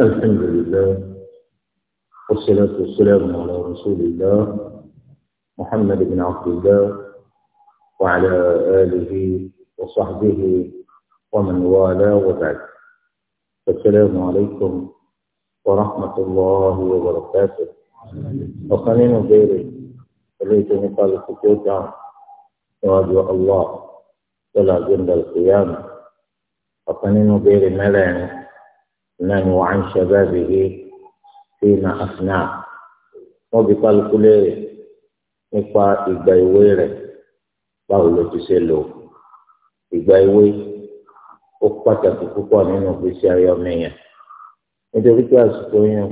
الحمد لله والصلاة والسلام على رسول الله محمد بن عبد الله وعلى آله وصحبه ومن والاه وبعد السلام عليكم ورحمة الله وبركاته وخلينا غيري ليتني قال سكوتا وادعو الله ولا جند القيامة وخلينا غيري ملعني náà وعن شبابه فيما أفناه wọ́n bí kálukú léèrè nípa ìgbà ìwé rẹ̀ báwo ló ti ṣe lò ìgbà ìwé ó pàtàkì púpọ̀ nínú ìgbésí ayé ọmọ èèyàn nítorí pé àsìkò yẹn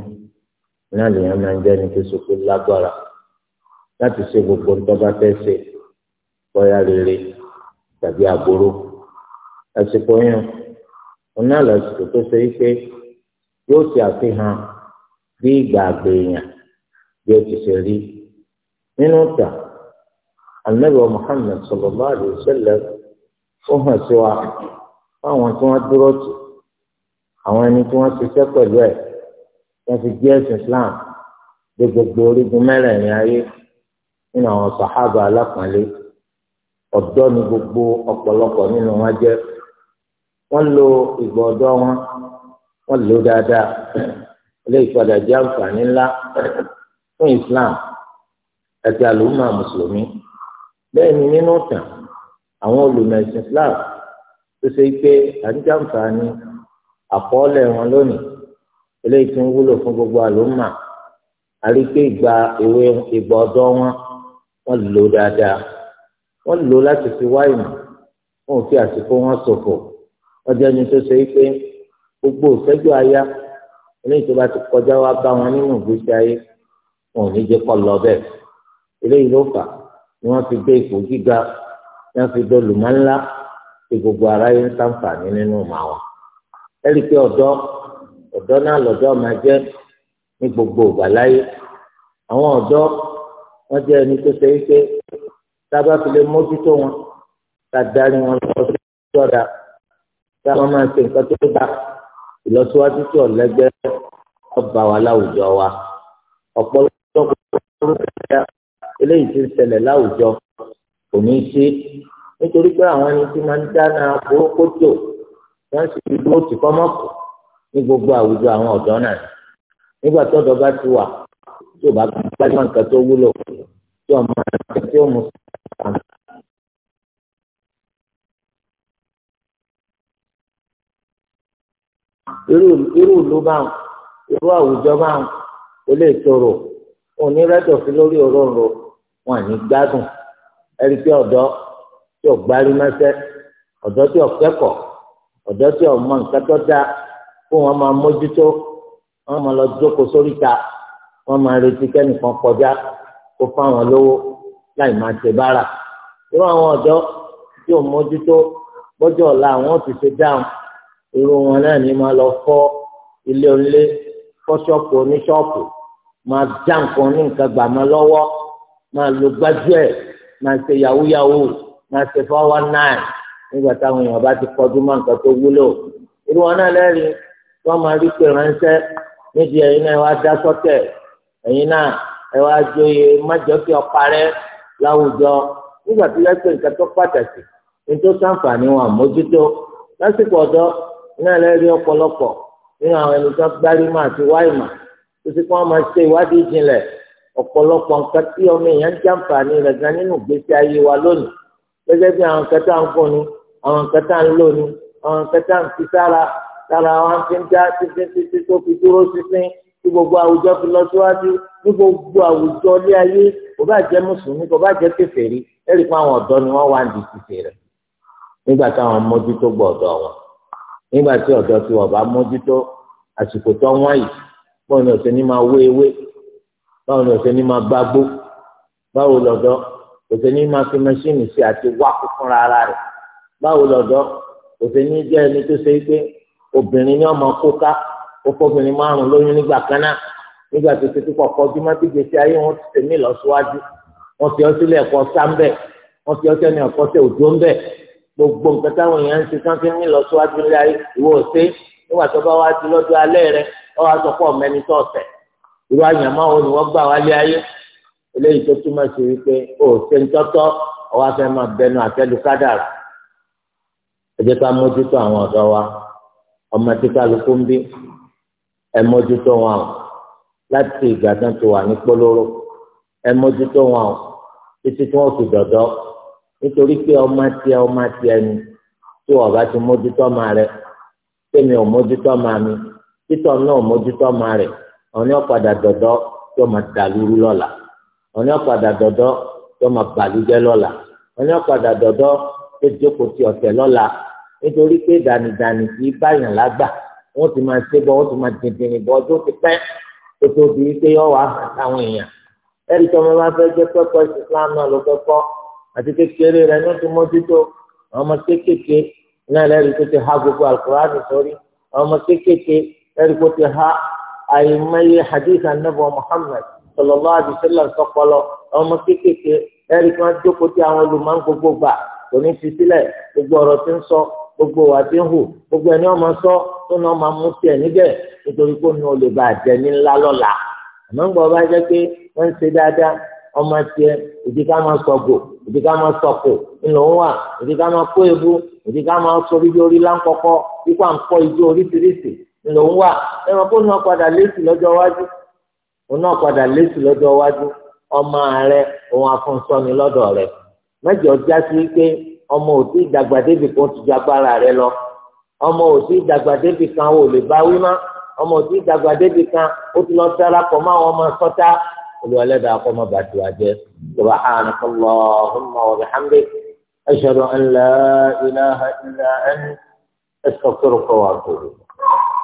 náà lèèyàn máa ń jẹ́ ní tó sopé lágbára láti ṣe gbogbo ń tọ́ba fẹ́ ṣe bóyá rere tàbí aburú àsìkò yẹn oní àlàsìkò tó ṣe é pé yóò ṣe àfihàn bí ìgbà àgbèèyàn bí ó ti ṣe rí nínú ìtà anabi muhammed sallallahu alayhi wa sallam ó hàn sí wa fáwọn tí wọ́n dúró tì àwọn ẹni tí wọ́n ṣiṣẹ́ pẹ̀lú ẹ̀ wọ́n fi jẹ ẹ̀sìn islam dé gbogbo orígun mẹ́rẹ̀ẹ̀rin ayé nínú àwọn sàhábà alápọ̀nlé ọ̀dọ́ ni gbogbo ọ̀pọ̀lọpọ̀ nínú wọn jẹ́ wọ́n lo ìgbà ọ̀dọ́ wọn wọ́n lò dáadáa ilé ìpadà jẹ́ àǹfààní ńlá fún Islam àti àlùmọ́ mùsùlùmí bẹ́ẹ̀ ni nínú ìtàn àwọn olùmẹ̀sìn Islam tó ṣe pé àdíjà àǹfààní àkọọ́lẹ̀ wọn lónìí eléyìí tí ń wúlò fún gbogbo àlùmọ́ àrí pé ìgbà ìwé ìgbà wọn wọ́n lò dáadáa wọ́n lò láti fi wá ìmọ̀ wọn fi àsìkò wọn ṣòfò ọjọ́ ni tó ṣe pé gbogbo òṣẹ́jú aya eléyìí tó bá ti kọjá wá bá wọn nínú ìgbésí ayé wọn ò ní jẹ́ kọ́ lọ bẹ́ẹ̀ eléyìí ló fà ni wọ́n fi gbé ipò gíga ni wọ́n fi dolùmọ́ ńlá tí gbogbo aráyé ń sàǹfààní nínú màá wọn ẹ̀rí pé ọ̀dọ́ ọ̀dọ́ náà lọ́dọ́ máa jẹ́ ní gbogbo ìgbà láyé àwọn ọ̀dọ́ wọ́n jẹ́ ẹni tó ṣe é pé tá mójútó wọn tá darí wọn lọ sí ọ̀dà kí wọ́n máa ṣe nǹkan tó dá ìlọsíwájú tí ọ̀lẹ́gbẹ́ ọba wa láwùjọ wa ọ̀pọ̀lọpọ̀ eléyìí ti ń ṣẹlẹ̀ láwùjọ kò ní í ṣe nítorí pé àwọn ẹni tí máa ń dáná burúkú jò wọ́n sì fi dúró tì kọ́mọ́kù ní gbogbo àwùjọ àwọn ọ̀dọ́ náà nígbà tọ́dọ̀ bá ti wà tí ò bá gbájúmọ̀ nǹkan tó wúlò tí ọmọ ẹ̀ka tí ó mú sí irú ìlú bá wọn irú àwùjọ bá wọn ó lè tòrò òní rẹ́tọ̀ sí lórí òróǹro wọn àní gbádùn ẹ̀rí pé ọ̀dọ́ tí ò gbárí mẹ́sẹ́ ọ̀dọ́ tí ò kẹ́kọ̀ọ́ ọ̀dọ́ tí ò mọ nǹkan tó dáa kó wọn máa mójútó wọn máa lọ jókòó sórí ta wọn máa retí kẹ́nìkan kọjá kó fáwọn lówó láì máa ṣe bára irú àwọn ọ̀dọ́ tí ò mójútó bọ́jọ́ ọ̀la àwọn ò ti ṣe dáhùn irú wọn náà ní máa lọ fọ́ ilé onílé fọ́ ṣọ́ọ̀pù oníṣọ́ọ̀pù máa já nǹkan ní nǹkan gbà máa lọ́wọ́ máa lo gbájúẹ̀ máa ṣe yahoo yahoo máa ṣe four one nine nígbà táwọn èèyàn bá ti kọjú mọ́ nǹkan tó wúlò irú wọn náà lẹ́rìí wọ́n máa rí pé ránṣẹ́ níbi ẹ̀yin náà wá dá sọ́tẹ̀ ẹ̀yin náà ẹ wá joyè májọ́kì ọ̀parẹ́ láwùjọ nígbà tó yẹ nǹkan tó pàtàkì ní tó iná lẹ́rí ọ̀pọ̀lọpọ̀ nínú àwọn ẹni tó gbárí mà àti wáìmà tó ti kọ́ wọn máa ṣe ìwádìí ìjìnlẹ̀ ọ̀pọ̀lọpọ̀ nǹkan tí ọmọ èèyàn ń jàǹfààní rẹ̀ gan nínú ìgbésí ayé wa lónìí gẹ́gẹ́ bí àwọn nǹkan tá à ń fún ni àwọn nǹkan tá à ń lò ni àwọn nǹkan tá à ń fi sára sára wa ń fi ń dá títí títí tó fi dúró sísín tí gbogbo àwùjọ fi lọ síwájú ní gbogbo àwùjọ ilé ayé kò bá jẹ́ mùsùlùmí kò bá jẹ́ kèfèrí ẹ̀rí fún àwọn ọ̀dọ́ ni wọ́n wá ń di títì rẹ̀ nígbà táwọn mójútó gbọ́ ọ̀dọ́ wọn nígbà tí ọ̀dọ́ tí wọ́n bá mójútó àsìkò tó wọ́n yìí báwo ni òsè ní máa wé ewé báwo ni òsè ní máa gbágbó báwo lọ́dọ́ òsè ní máa fi mẹ́ṣíìnì sí àti wá fúnra ara rẹ̀ báwo lọ́dọ́ òsè ní jẹ́ ẹni tó ṣe pé obìnrin ní ọmọ kóká ó fọ́bìnrin márùn lóyún nígbà kan náà nígbà tó ṣe púpọ̀ kọjú má ti gbèsè ayé wọn ti tẹ̀mí lọ síwájú wọn fi ọtí gbogbo nǹkan táwọn èèyàn ń ṣe kán fi ń lọ síwájú nílé ayé ìwọ òsè nígbà tó bá wá di lọ́dún alẹ́ rẹ ọ wá sọ pọ̀ mẹ́ni tó ọ̀sẹ̀ irú àyàmọ́ òun ni wọ́n gbà wá lé ayé eléyìí tó túmọ̀ sí wípé òsè ń tọ́tọ́ ọwọ́ afẹ́ máa bẹnu àtẹ́lu kádàrà ẹ jẹ́ ká mójútó àwọn ọ̀dọ́ wa ọmọ tí kálukú ń bí ẹ mójútó wọn o láti ìgbà tán tó wà ní polówó ẹ mójútó wọn o títí tí wọ́n fi dọ̀dọ́ nítorí pé ọmọ tiẹ ọmọ tiẹ ni tí wọn bá ti mójútó ọmọ rẹ tèmi ò mójútó ọmọ mi títọ náà ò mójútó ọmọ rẹ ọ̀ní ọ̀padà dọ̀dọ́ tí ọmọ dàlúrú lọ́la ọ̀ní ọ̀padà dọ̀dọ́ tí ọmọ bàlújẹ́ lọ́la ọ̀ní ọ̀padà dọ̀dọ́ tó jókòó ti ọ̀tẹ̀ lọ́la nítorí pé dànìdànì kì í báyàn lágbà wọ́n ti máa ṣe bọ́ wọ́n ti máa dìndìnrín bọ́ ọdún ti pẹ́ tó tóbi pé yọ àti kékeré rẹ̀ ní ti mójútó àwọn ọmọ kéékèèké náà lẹ́rìí tó ti ha gbogbo alukur'ani sórí àwọn ọmọ kéékèèké lẹ́rìí tó ti ha àyèmáyé hadith anabu muhammad sallallahu alaihi wasallam sọpọlọ àwọn ọmọ kéékèèké lẹ́rìí tó ń jókòó ti àwọn olùmọ̀ gbogbo gbà kò ní fi sílẹ̀ gbogbo ọ̀rọ̀ tí ń sọ gbogbo wa ti ń hù gbogbo ẹni ọmọ sọ tó náà máa mú tiẹ̀ níbẹ̀ nítorí kó nu olè ọmọ tiẹ̀ ìdí ká máa sọgò ìdí ká máa sọkò ńlọ wà ìdí máa kó ebu ìdí máa sọ ibi orí láńkọkọ ikú à ń kọ ijó ńlọ wà ẹnìkan kó náà padà lẹ́sì lọ́jọ́ iwájú òun náà padà ọmọ rẹ òun lọdọ rẹ lọ ọmọ òtí ìdàgbà débi kan ò lè bá wí má ọmọ òtí ìdàgbà débi kan ó ti الولد أقوم بعد واجب سبحانك اللهم وبحمدك أشهد أن لا إله إلا أنت أستغفرك وأتوب